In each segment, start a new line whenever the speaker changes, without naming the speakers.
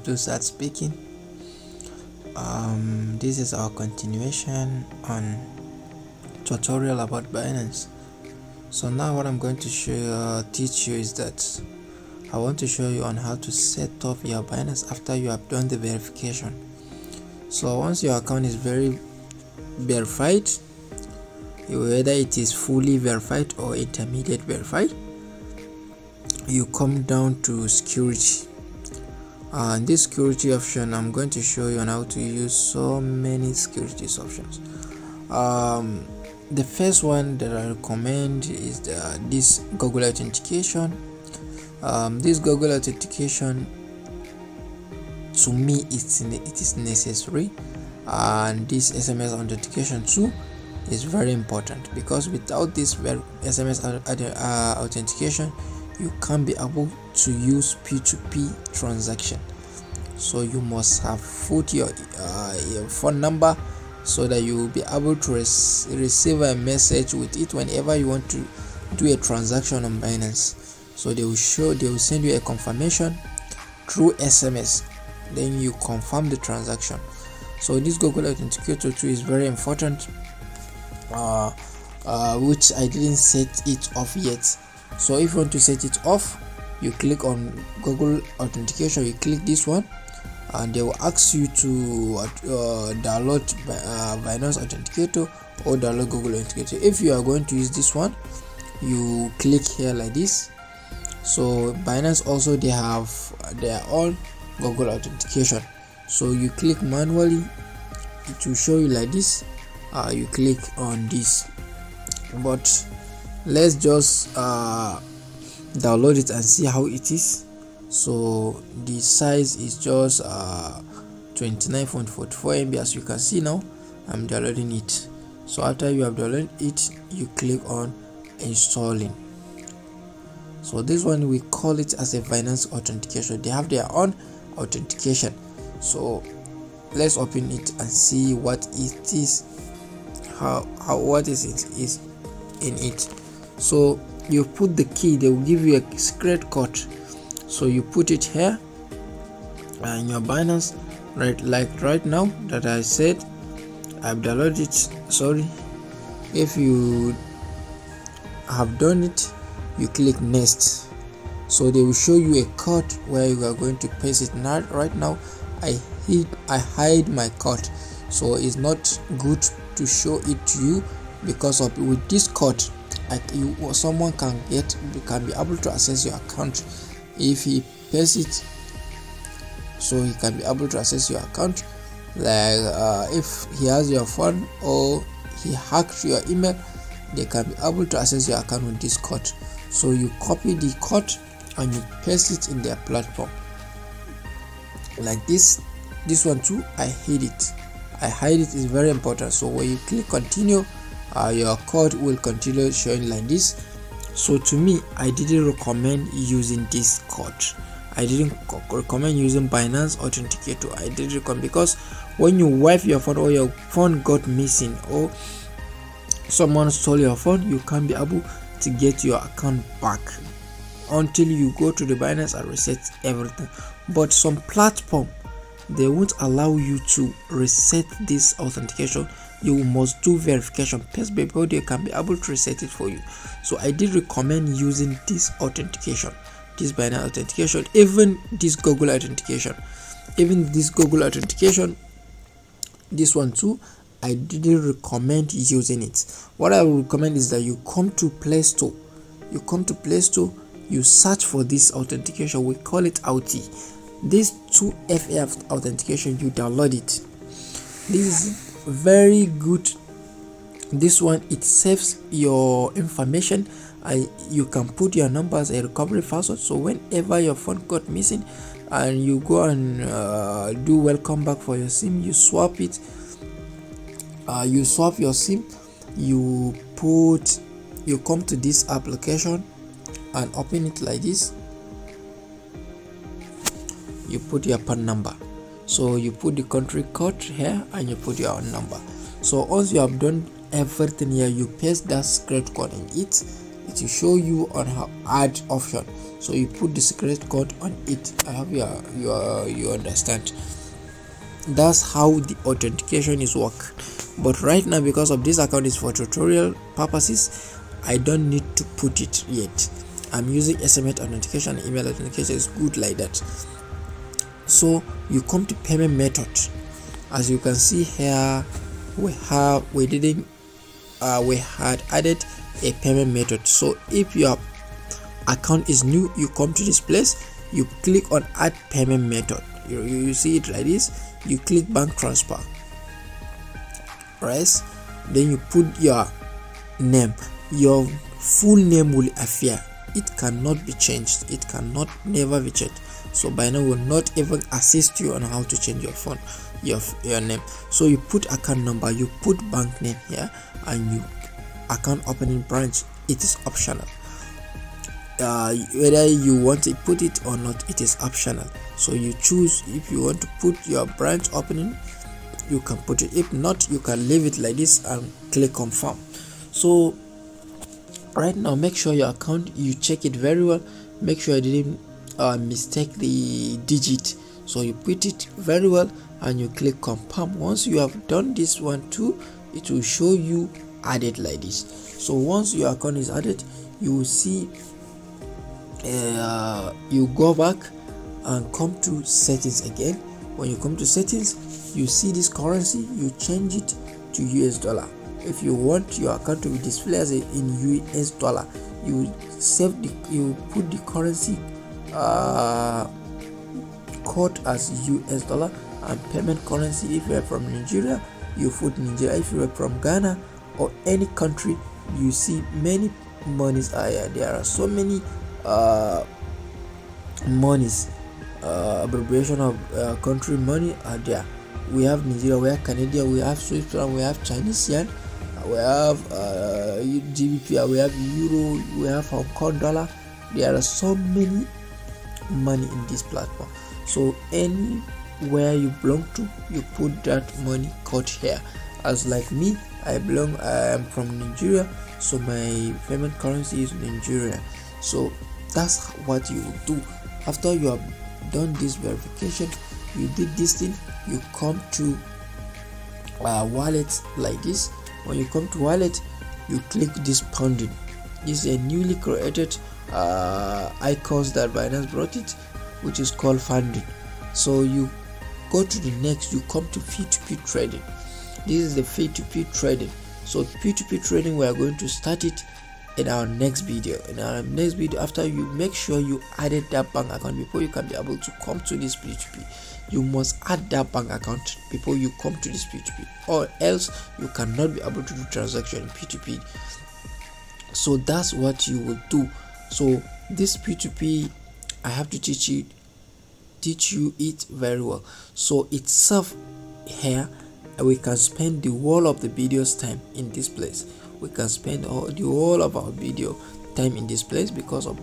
Abdul Sad speaking. Um, this is our continuation on tutorial about Binance. So now what I'm going to show, teach you is that I want to show you on how to set up your Binance after you have done the verification. So once your account is very verified, whether it is fully verified or intermediate verified, you come down to security uh, in this security option I'm going to show you on how to use so many security options um, the first one that I recommend is the, this Google authentication um, this Google authentication to me it's it is necessary and this SMS authentication too is very important because without this SMS uh, authentication you can't be able to use p2p transaction so you must have put your, uh, your phone number so that you will be able to res- receive a message with it whenever you want to do a transaction on binance so they will show they will send you a confirmation through sms then you confirm the transaction so this google authenticator 2 is very important uh, uh, which i didn't set it off yet so if you want to set it off you click on google authentication you click this one and they will ask you to uh, download uh, binance authenticator or download google authenticator if you are going to use this one you click here like this so binance also they have their own google authentication so you click manually it will show you like this uh, you click on this but let's just uh, download it and see how it is so the size is just uh, 29.44 MB as you can see now I'm downloading it so after you have downloaded it you click on installing so this one we call it as a finance authentication they have their own authentication so let's open it and see what it is how, how what is it is in it so you put the key they will give you a secret code so you put it here in your binance right like right now that i said i've downloaded it sorry if you have done it you click next so they will show you a code where you are going to paste it now right now i hid i hide my code so it's not good to show it to you because of with this code you, someone can get can be able to access your account if he pays it so he can be able to access your account like uh, if he has your phone or he hacked your email they can be able to access your account with this code so you copy the code and you paste it in their platform like this this one too i hide it i hide it is very important so when you click continue uh, your code will continue showing like this so to me i didn't recommend using this code i didn't recommend using binance authenticator i didn't recommend because when you wipe your phone or your phone got missing or someone stole your phone you can't be able to get your account back until you go to the binance and reset everything but some platform they won't allow you to reset this authentication you must do verification test before they can be able to reset it for you so i did recommend using this authentication this binary authentication even this google authentication even this google authentication this one too i didn't recommend using it what i would recommend is that you come to play store you come to play store you search for this authentication we call it auti this 2fa authentication you download it this is very good this one it saves your information I, you can put your number as a recovery password so whenever your phone got missing and you go and uh, do welcome back for your sim you swap it uh, you swap your sim you put you come to this application and open it like this you put your PAN number so you put the country code here and you put your number so once you have done everything here you paste that secret code in it it will show you on how add option so you put the secret code on it i hope you are, you are, you understand that's how the authentication is work but right now because of this account is for tutorial purposes i don't need to put it yet i'm using sms authentication email authentication is good like that so you come to payment method as you can see here we have we didn't uh, we had added a payment method so if your account is new you come to this place you click on add payment method you, you, you see it like this you click bank transfer right then you put your name your full name will appear it cannot be changed it cannot never be changed so binance will not even assist you on how to change your phone your your name so you put account number you put bank name here and you account opening branch it is optional uh, whether you want to put it or not it is optional so you choose if you want to put your branch opening you can put it if not you can leave it like this and click confirm so right now make sure your account you check it very well make sure you didn't uh, mistake the digit so you put it very well and you click confirm once you have done this one too it will show you added like this so once your account is added you will see uh, you go back and come to settings again when you come to settings you see this currency you change it to us dollar if you want your account to be displayed as a, in US dollar you save the you put the currency uh, code as US dollar and payment currency if you are from Nigeria you put Nigeria if you are from Ghana or any country you see many monies are there are so many uh, monies uh, abbreviation of uh, country money are there we have Nigeria we have Canada we have Switzerland we have Chinese yen we have uh, uh GBP, uh, we have Euro, we have Hong Kong dollar. There are so many money in this platform. So anywhere you belong to, you put that money caught here. As like me, I belong. I am from Nigeria, so my payment currency is Nigeria. So that's what you do. After you have done this verification, you did this thing. You come to uh, wallet like this when you come to wallet you click this pounding this is a newly created uh, icons that Binance brought it which is called funding so you go to the next you come to p2p trading this is the p2p trading so p2p trading we are going to start it in our next video in our next video after you make sure you added that bank account before you can be able to come to this p2p you must add that bank account before you come to this p2p or else you cannot be able to do transaction in p2p so that's what you will do so this p2p i have to teach you teach you it very well so itself here we can spend the whole of the video's time in this place we can spend all the whole of our video time in this place because of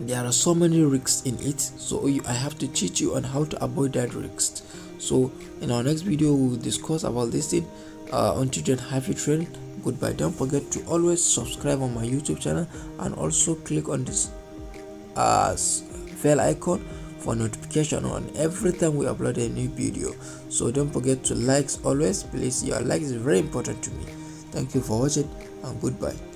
there are so many risks in it so you, i have to teach you on how to avoid that risks so in our next video we'll discuss about this thing uh, until then happy trail goodbye don't forget to always subscribe on my youtube channel and also click on this uh, bell icon for notification on every time we upload a new video so don't forget to likes always please your likes is very important to me thank you for watching and goodbye